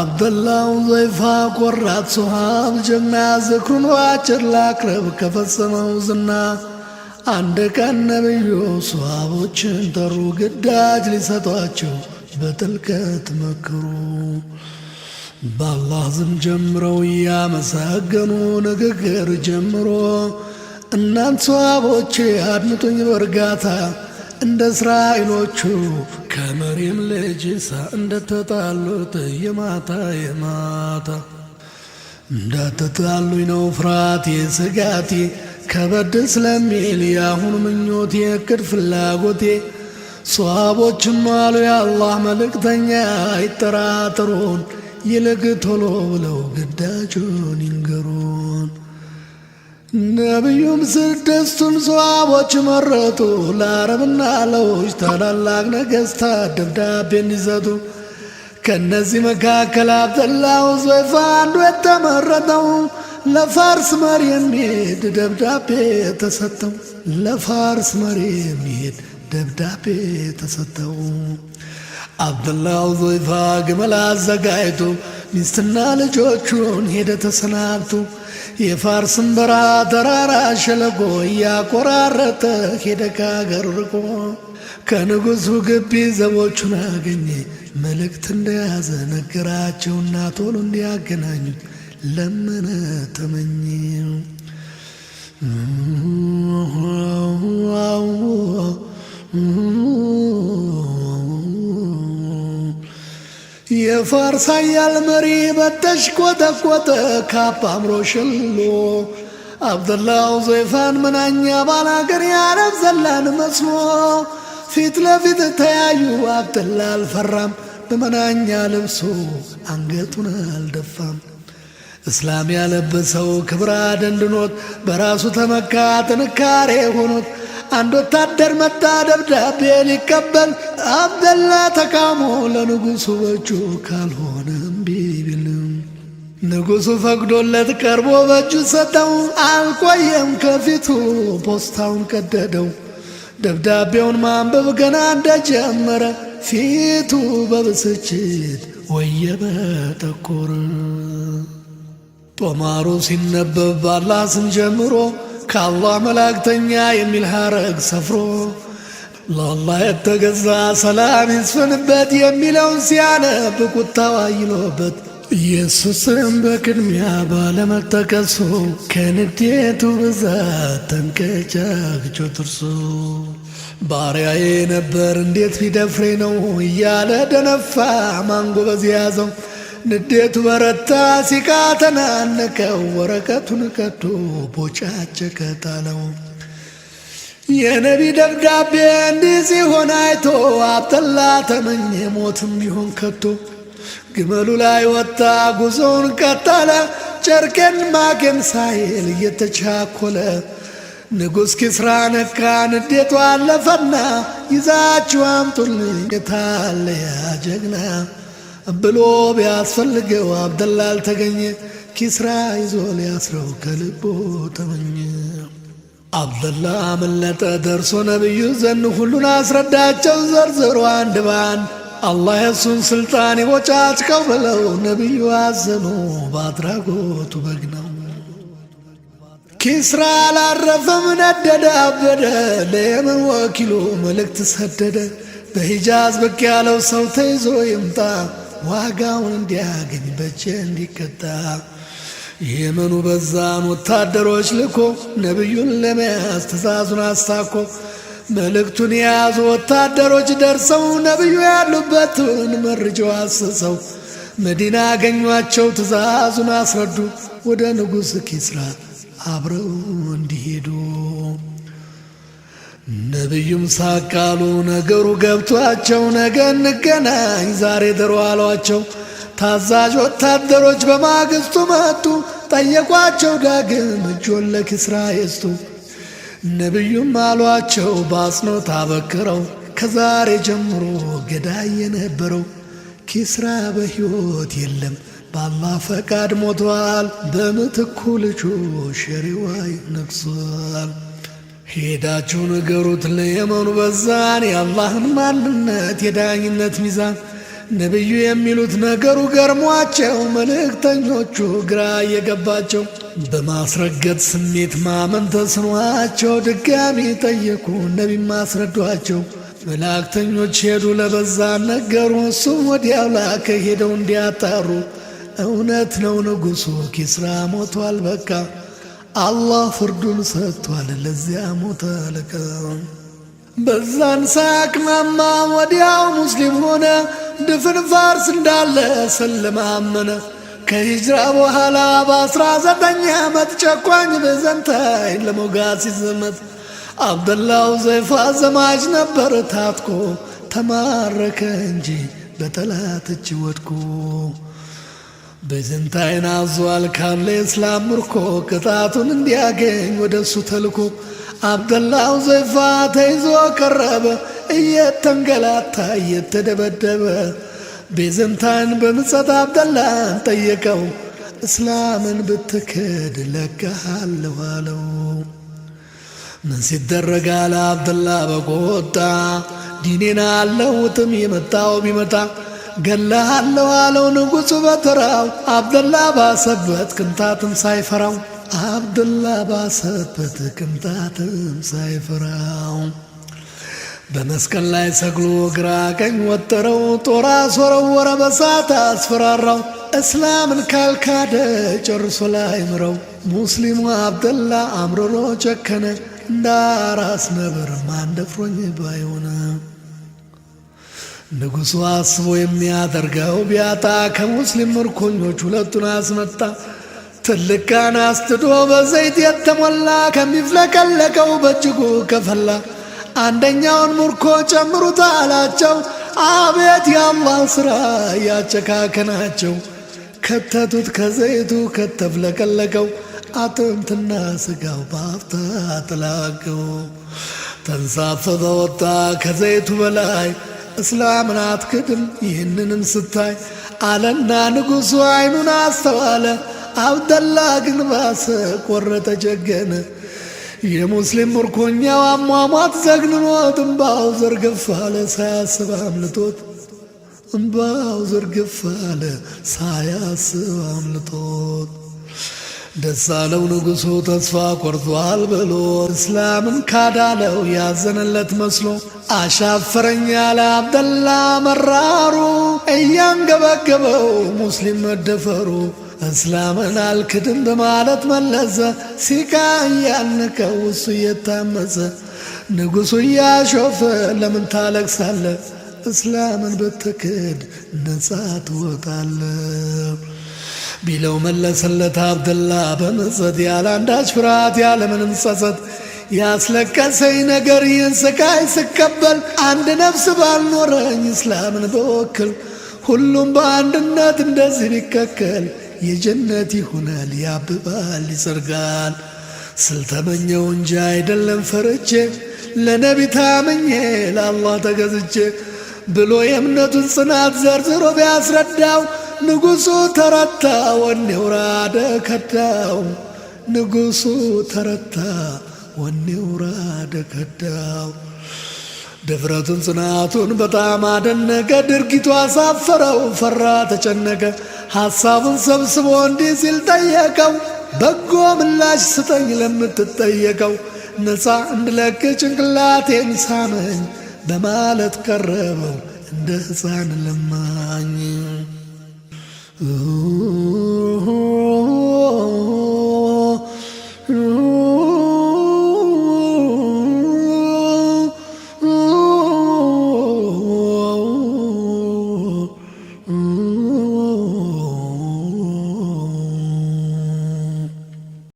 አብደላው ዘይፋ ቆራት ሶሃብ ጀማ ዝክሩን ባጭር ላቅርብ ከፈጸመው ዝና አንድ ቀን ነቢዩ ሶሃቦችን ጠሩ ግዳጅ ሊሰጧቸው በጥልቀት መክሩ በአላህ ዝም ጀምረው እያመሰገኑ ንግግር ጀምሮ እናንት ሰዋቦቼ አድምጡኝ በእርጋታ እንደ እስራኤሎቹ ከመሪም ልጅ ኢሳ እንደተጣሉት የማታ የማታ እንዳትጣሉኝ ነው ፍርሃቴ ስጋቴ ከበድ ስለሚል የአሁን ምኞቴ እቅድ ፍላጎቴ ሰዋቦችም አሉ የአላህ መልእክተኛ አይጠራጥሩን፣ ይልቅ ቶሎ ብለው ግዳጁን ይንገሩን። ነቢዩም ስድስቱን ሰዋቦች መረጡ። ለአረብና ለውጭ ታላላቅ ነገሥታት ደብዳቤ እንዲሰጡ ከእነዚህ መካከል አብደላ ሁዝወይፋ አንዱ የተመረጠው ለፋርስ መሪ የሚሄድ ደብዳቤ ተሰጠው። ለፋርስ መሪ የሚሄድ ደብዳቤ ተሰጠው። አብደላው ዞይፋ ግመል አዘጋጅቶ ሚስትና ልጆቹን ሄደ ተሰናብቶ የፋርስን በራ ተራራ ሸለቆ እያቆራረጠ ሄደ ከአገሩ ርቆ ግቢ ዘቦቹን አገኘ መልእክት እንደያዘ ነገራቸውና ቶሎ እንዲያገናኙት ለመነ ተመኘው። የፋርሳያል መሪ በተሽ ቆጠቆጠ ካፕ አምሮ ሽሎ አብደላው ዘይፋን መናኛ ባላገር ያረብ ዘላን መስሎ ፊት ለፊት ተያዩ። አብደላ አልፈራም በመናኛ ልብሱ አንገቱን አልደፋም። እስላም ያለበሰው ክብራ ደንድኖት በራሱ ተመካ ጥንካሬ ሆኖት አንድ ወታደር መጣ ደብዳቤ ሊቀበል አብደላ ተቃሞ ለንጉሱ በእጁ ካልሆነ እምቢ ንጉሱ ፈቅዶለት ቀርቦ በእጁ ሰጠው። አልቆየም ከፊቱ ፖስታውን ቀደደው። ደብዳቤውን ማንበብ ገና እንደጀመረ ፊቱ በብስጭት ወየበ ጠቆረ። ጦማሩ ሲነበብ ባላስን ጀምሮ ከአላህ መላእክተኛ የሚል ሐረግ ሰፍሮ ለአላህ የተገዛ ሰላም ይስፍንበት የሚለውን ሲያነብ ቁጣው አይሎበት ኢየሱስም በቅድሚያ ባለመጠቀሱ ከንዴቱ ብዛት ተንቀጫግጮ ትርሱ ባሪያዬ ነበር እንዴት ሊደፍሬ ነው እያለ ደነፋ ማንጎበዝ ያዘው ንዴቱ በረታ፣ ሲቃ ተናነቀው፣ ወረቀቱን ከቶ ቦጫጨቀ ጣለው። የነቢ ደብዳቤ እንዲህ ሲሆን አይቶ አብጠላ ተመኘ ሞትም ቢሆን ከቶ። ግመሉ ላይ ወጣ ጉዞውን ቀጠለ፣ ጨርቄን ማቄን ሳይል እየተቻኮለ። ንጉሥ ኪስራ ነካ ንዴቱ አለፈና፣ ይዛችሁ አምጡልኝ የታለያ ጀግና ብሎ ቢያስፈልገው አብደላ አልተገኘ ኪስራ ይዞ ሊያስረው ከልቦ ተመኘ። አብደላ መለጠ ደርሶ ነቢዩ ዘን ሁሉን አስረዳቸው ዘርዘሩ አንድ ባንድ አላህ የሱን ስልጣን ይቦጫጭቀው ብለው ነቢዩ አዘኑ በአድራጎቱ በግ ነው። ኪስራ አላረፈም ነደደ አበደ ለየመን ወኪሉ መልእክት ሰደደ በሂጃዝ ብቅ ያለው ሰው ተይዞ ይምጣ ዋጋውን እንዲያገኝ በቼ እንዲቀጣ የመኑ በዛን ወታደሮች ልኮ ነቢዩን ለመያዝ ትእዛዙን አሳኮ መልእክቱን የያዙ ወታደሮች ደርሰው ነቢዩ ያሉበትን መርጀው አስሰው መዲና አገኟቸው። ትእዛዙን አስረዱ። ወደ ንጉሥ ኪስራ አብረው እንዲሄዱ ነቢዩም ሳቃሉ ነገሩ ገብቷቸው ነገ እንገናኝ ዛሬ ድሮ አሏቸው። ታዛዥ ወታደሮች በማግስቱ መጡ። ጠየቋቸው ዳግም እጆን ለኪስራ የስቱ ነቢዩም አሏቸው በአጽንኦት አበክረው ከዛሬ ጀምሮ ገዳይ የነበረው ኪስራ በሕይወት የለም በአላህ ፈቃድ ሞቷል። በምትኩ ልጁ ሸሪዋይ ነግሷል። ሄዳችሁ ነገሩት ለየመኑ በዛን የአላህን ማንነት የዳኝነት ሚዛን ነቢዩ የሚሉት ነገሩ ገርሟቸው መልእክተኞቹ ግራ እየገባቸው በማስረገጥ ስሜት ማመን ተስኗቸው ድጋሚ ጠየቁ ነቢም ማስረዷቸው። መላእክተኞች ሄዱ ለበዛን ነገሩ እሱም ወዲያው ላከ ሄደው እንዲያጣሩ እውነት ነው ንጉሡ ኪስራ ሞቷል በቃ አላህ ፍርዱን ሰጥቷል። ለዚያ ሞተ አለቃ በዛን ሳያቅማማ ወዲያው ሙስሊም ሆነ። ድፍን ፋርስ እንዳለ ሰለማ አመነ። ከሂጅራ በኋላ በአስራ ዘጠኝ ዓመት ጨቋኝ በዘንታይ ለሞጋት ሲዘመት አብደላው ዘይፋ ዘማች ነበር ታጥቆ ተማረከ እንጂ በጠላት እጅ ወድቆ በዝንት አይን አዟል ካለ እስላም ምርኮ ቅጣቱን እንዲያገኝ ወደ እሱ ተልኮ አብደላው ዘይፋ ተይዞ ቀረበ እየተንገላታ እየተደበደበ ቤዘንታን በምጸት አብደላን ጠየቀው እስላምን ብትክድ ለቀሃለሁ አለው። ምን ሲደረግ አለ አብደላ በቆጣ ዲኔን አለውትም የመጣው ቢመጣ ገላሃለው አለው ንጉሡ በተራው አብደላ ባሰበት ቅንጣትም ሳይፈራው አብደላ ባሰበት ቅንጣትም ሳይፈራው በመስቀል ላይ ሰግሎ ግራ ቀኝ ወጠረው፣ ጦር አስወረወረ በሳት አስፈራራው። እስላምን ካልካደ ጨርሶ ላይ ምረው። ሙስሊሙ አብደላ አምርሮ ጨከነ፣ እንዳራስ አራስ ነብር ማን ባይሆነ ንጉሡ አስቦ የሚያደርገው ቢያጣ ከሙስሊም ምርኮኞች ሁለቱን አስመጣ። ትልቅ ጋን አስትዶ በዘይት የተሞላ ከሚፍለቀለቀው በእጅጉ ከፈላ። አንደኛውን ምርኮ ጨምሩት አላቸው። አቤት የአላህ ሥራ ያጨካከናቸው። ከተቱት ከዘይቱ ከተፍለቀለቀው አጥንትና ስጋው ባፍታ ተላቀው። ተንሳፈፈ ወጣ ከዘይቱ በላይ እስላምን አትክድም። ይህንንም ስታይ አለና ንጉሡ አይኑን አስተዋለ። አብደላ ግን ባሰ፣ ቆረጠ፣ ጀገነ። የሙስሊም ምርኮኛው አሟሟት ዘግንኖት እምባው ዘርግፍ አለ ሳያስብ አምልጦት እምባው ዘርግፍ አለ ሳያስብ አምልጦት ደሳለው ንጉሱ ተስፋ ቆርጧል ብሎ እስላምን ካዳለው ያዘነለት መስሎ አሻፈረኛ ለአብደላ አብደላ መራሩ እያንገበገበው ሙስሊም መደፈሩ እስላምን አልክድም በማለት መለሰ ሲቃ እያንከው እሱ እየታመሰ ንጉሱ እያሾፈ ለምን ታለቅሳለ? እስላምን ብትክድ ነጻ ትወጣለ ቢለው መለሰለት አብደላ በመጸት ያለ አንዳች ፍርሃት ያለምንም ጸጸት ያስለቀሰኝ ነገር ይህን ስቃይ ስቀበል አንድ ነፍስ ባልኖረኝ እስላምን በወክል ሁሉም በአንድነት እንደዚህ ቢከከል የጀነት ይሆናል ያብባል ይጸርጋል። ስልተመኘው እንጂ አይደለም ፈርቼ ለነቢ ታምኜ ለአላህ ተገዝቼ ብሎ የእምነቱን ጽናት ዘርዝሮ ቢያስረዳው ንጉሱ ተረታ ወኔ ውራደ ከዳው ንጉሱ ተረታ ወኔ ውራደ ከዳው ድፍረቱን ጽናቱን በጣም አደነቀ። ድርጊቱ አሳፈረው፣ ፈራ ተጨነቀ። ሐሳቡን ሰብስቦ እንዲህ ሲል ጠየቀው፣ በጎ ምላሽ ስጠኝ ለምትጠየቀው፣ ነፃ እንድለቅ ጭንቅላቴን ሳመኝ በማለት ቀረበው እንደ ሕፃን ለማኝ። Ooh.